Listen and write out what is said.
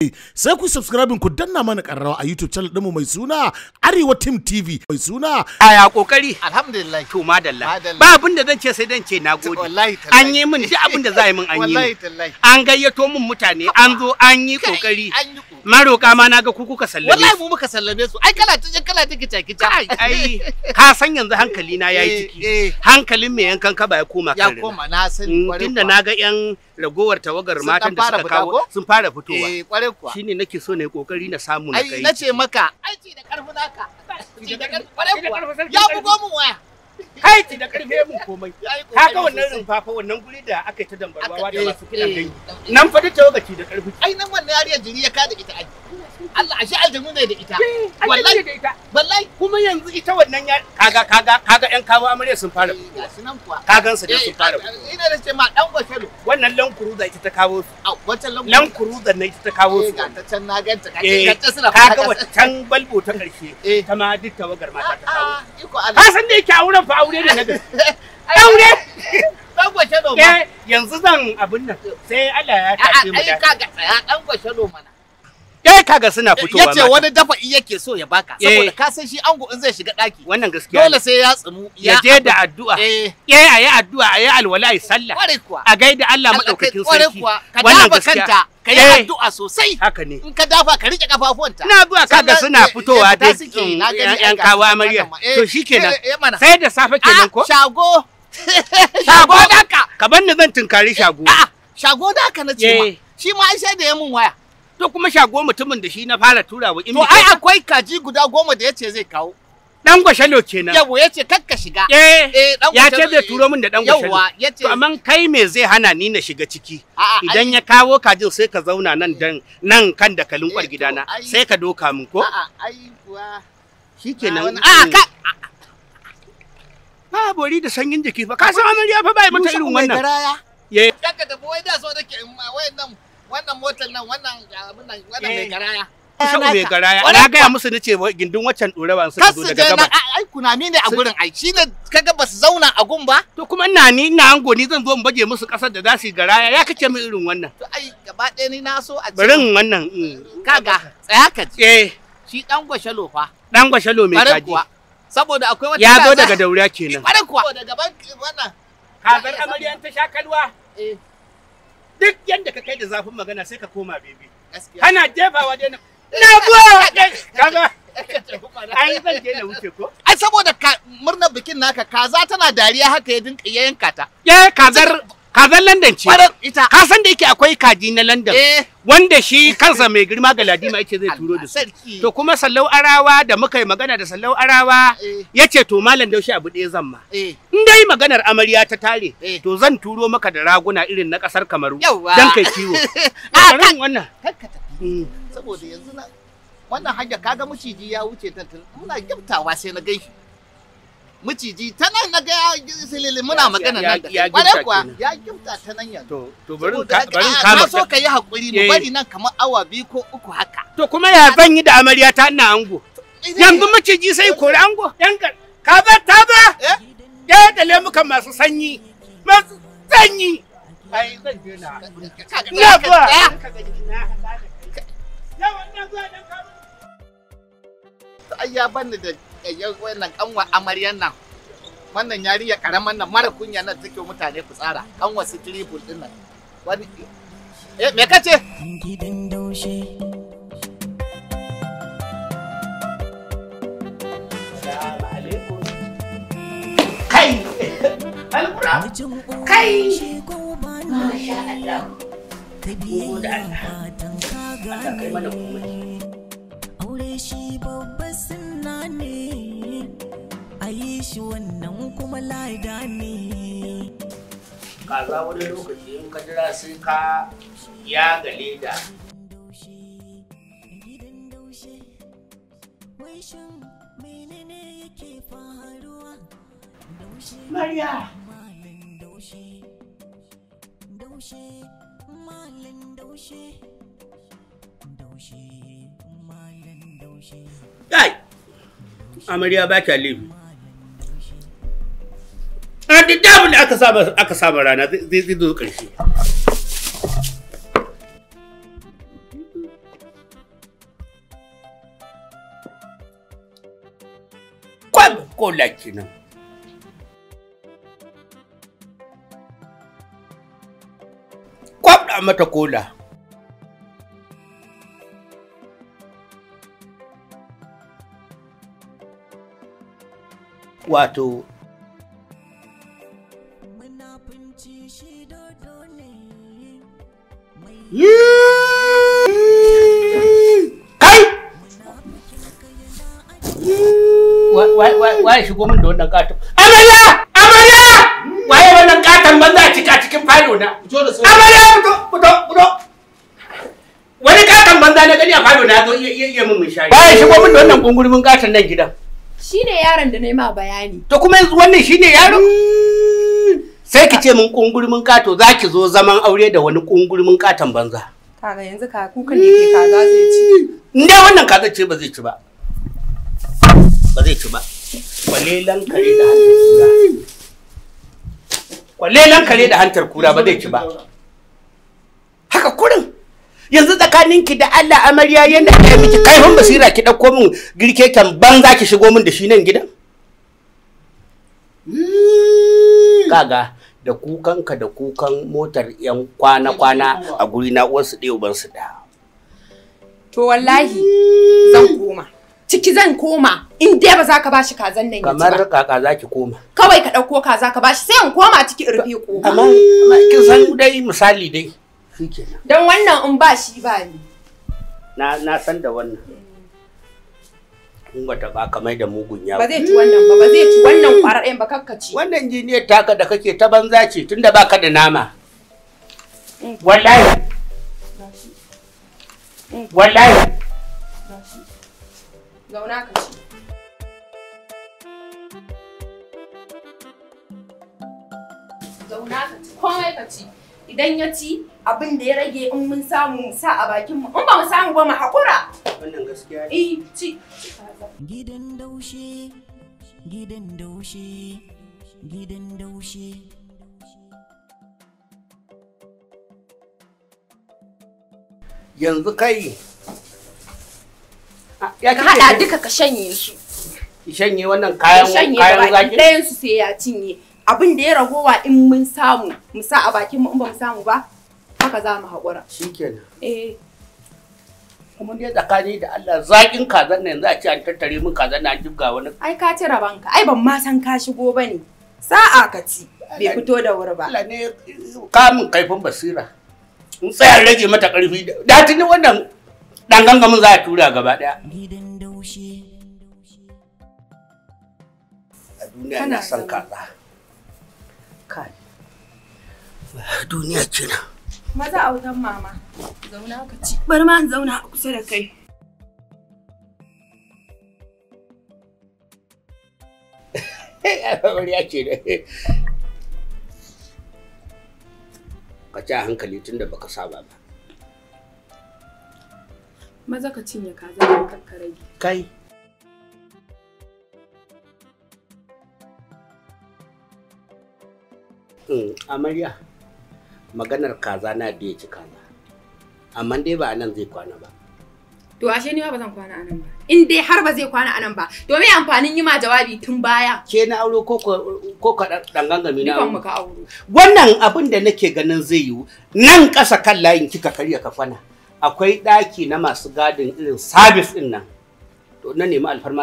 Eh, sai ku subscribe ku danna mana karrawa a YouTube channel ɗinmu mai suna Arewa Team TV mai suna Aya kokari alhamdulillah to madalla ba abin da zan ce sai dan ce nagode an yi min duk abin da za a yi min an yi an gayyato min mutane an zo an yi kokari maroƙa ma na ga ku kuka sallame wallahi mu muka sallame su ai kala tijin kala take take ai ai ka san yanzu hankali na yayi ciki eh, eh. hankalin me yankan ka ba ya koma kan ya koma na san mm, kwarai tunda na ga yan ragowar tawagar matan da suka kawo sun fara fitowa eh kware kuwa shine nake so ne kokari na samu na kai ai nace maka aiki da karfi naka da karfi ya bugo mu waya kai da karfe mun komai ka ga wannan rumfa fa wannan guri da aka yi ta dambarwa da masu kidan eh, dai eh, eh. nan fa da tawagaci da karfi ai nan wannan yariya jiri ya ka da ita ai Allah ashe aljanu ne da ita wallahi da ita wallahi kuma yanzu ita wannan ya kaga kaga kaga yan kawo amarya sun fara gasu nan kuwa kagan su da sun fara ina da ce ma dan gwatalo wannan lankuru da ita ta kawo su a wancan lankuru da na ita ta kawo su ga ta can na ganta ka ce suna kaga wancan balbo ta karshe ta ma duk tawagar mata ta ah, kawo ah, ka san da yake a wurin fa aure da na gari. Aure? Ɗan gwace noma. Eh, yanzu zan abin nan sai Allah ya tafi mu. Ai kaga tsaya ɗan gwace noma na. Eh kaga suna fitowa yace wani dafa yake so ya baka eh. saboda ka san shi ango in zai shiga daki wannan gaskiya dole sai ya tsumu ya je da addu'a eh, eh ayi addu'a ayi alwala yi sallah a gaida Allah madaukakin sarki wannan gaskiya ka yi eh. addu'a sosai haka ne in ka dafa ka rike kafafuwanta ina zuwa kaga suna fitowa dai mm, yan kawo amarya to shikenan sai da safe kenan ah, ko shago shago daka ka ni zan tunkari shago ah, ah, shago daka na ce ma shi ma ai sai da ya mun waya to kuma shago mutumin da shi na fara turawa in to ai akwai kaji guda goma da yace zai kawo dan gwashalo kenan yawo yace kakka shiga eh, eh ya ce zai turo min da dan gwashalo yawa yace to amma kai me zai hana ni na shiga ciki idan ya kawo kajin sai ka zauna nan dan nan kan kalin kwar eh, gidana sai ka doka min ko a'a ai kuwa shikenan a ka ba bori da sanyin jiki fa ka san amarya fa bai mata irin wannan ye kaka da boye da so take wayannan wannan motar nan wannan abin nan wannan mai eh. garaya eh, mai garaya na gaya musu na ce gindin waccan ɗorawa suka zo daga gabas ai kunami ne a gurin ai shi ne kaga ba su zauna a gun ba to kuma ina ni ina ango ni zan zo in baje musu ƙasar da za su yi garaya ya kace min irin wannan to ai gaba ɗaya ni na so a barin wannan mm. kaga tsaya ka ji eh shi dan gwashalo fa dan gwashalo mai kaji saboda akwai wata ya zo daga daura kenan bare kuwa daga ban wannan amaryan ta shakalwa eh duk yadda ka kai da zafin magana sai ka koma bebe kana jefawa dai na kaga ai zan je na wuce ko ai saboda murnar bikin naka kaza tana dariya haka ya dinka yanka ta eh kazar kazan London ce. ita. Ka san da yake akwai kaji na London. Eh. Wanda shi kansa mai girma ga Ladima yace zai turo da su. To kuma Sallau Arawa da muka yi magana da Sallau Arawa eh. yace to malam Daushe abu ɗaya zan ma. Eh. In dai maganar amarya ta tare to zan turo maka da raguna irin na ƙasar Kamaru. Dan kai kiwo. Ah, A kan wannan. Mm. Saboda yanzu na wannan hanya kaga muciji ya wuce ta muna giftawa sai na gaishe. miciji ta nan na ga silili muna magana nan da kwarai kuwa ya kimta ta nan yanzu to to bari bari kama so ka yi hakuri mu eh. bari nan kamar awa biyu ko uku haka to kuma ya zan yi da amarya ta ina ango eh, yanzu miciji sai kore ango yan ka ba ta ba eh? ya da lemukan masu sanyi masu sanyi ai zan je na ya ka. ai ya ban da Eh, wannan kanwa amaryan nan wannan yarinya karaman nan mara kunya nan take mutane tsara kanwa sitribul din nan wani eh me kace gidan daushe kai alkura kai masha Allah ka biye fatan ka gane aure shi babba shi wannan kuma lada ne kaza wani lokaci in ka jira sai ka ya ga leda Maria! Kai! Amarya ba ta laifi. abin da aka saba aka saba rana zai zai zo ƙarshe kwam kola kenan kwam mata kola wato waye shigo min da wannan katon amarya amarya waye wannan katon banza a cika cikin falo na amarya fito fito fito wani katon banza na gani a falo na zo iya iya min shari waye shigo min da wannan gungurmin katon nan gidan shine yaron da na ma bayani to kuma yanzu wannan shine yaron sai ki ce min kungurumin kato za ki zo zaman aure da wani kungurumin katon banza kaga yanzu ka kukan ne ke kaza zai ci ne wannan kaza ce ba zai ci ba ba zai ci ba kwalelan kare da hantar kura kwalelan kare da hantar kura ba zai ci ba haka kurin yanzu tsakaninki da Allah amarya yana da miki kaifin basira ki dauko min girke kan banza ki shigo min da shi nan gidan kaga da kukanka da kukan motar yan kwana-kwana a guri na uwarsu ɗaya ubansu da to wallahi zan koma ciki zan koma in dai ba za ka bashi kazan nan ba. Kamar kaka za ki koma. Kawai ka ɗauko kaza ka bashi sai in koma ciki in rufe ko. Amma kin san dai misali dai shikenan. Dan wannan in ba shi ba ni. Na na san da wannan. In bata ba ka mai da mugun yawo. Ba zai ci wannan ba ba zai ci wannan kwararren hmm. ba kakkace Wannan jiniyar taka da kake ta banza ce tunda baka da nama. Hmm. Wallahi. Hmm. Wallahi. Zauna ka ci. Zauna Idan ya ci abin da ya rage in mun samu sa a bakin mu, in ba mu samu ba mu Wannan gaskiya eh, Gidan daushe, Yanzu kai ka haɗa duka ka shanye su. ki shanye wannan kayan kayan zaki ɗayan su sai ya cinye abin da ya ragowa in mun samu mu sa a bakin mu in ba mu samu ba haka za mu haƙura shikenan eh kuma dai tsakani da Allah zakin kazan nan yanzu a ce an tattare min kazan na jibga wani ai ka ci rabanka ai ban ma san ka shigo ba ne. sa'a ka ci bai fito da wuri ba Allah ne kamun kaifin basira in tsaya rage mata ƙarfi da tuni wannan dan gangamin za a tura gaba daya a duniya na son kaza kai duniya kenan maza autan mama zauna ka ci bari ma in zauna kusa da kai ya ce da ka ci a hankali tun da baka saba ba Maza ka cinye kaza da kakka rage. Kai. Mm, amarya, maganar kaza na biye ya ci kaza. Amma dai ba nan zai kwana ba. To ashe ni ba zan kwana anan ba. In dai har ba zai kwana anan ba, to me amfanin yi ma jawabi tun baya? Ke na aure ko ko ka dan gangami na auro. Wannan abin da nake ganin zai yiwu nan kasa kan layin kika karya ka kafana. akwai ɗaki na masu gadin irin sabis ɗin nan to na nemi alfarma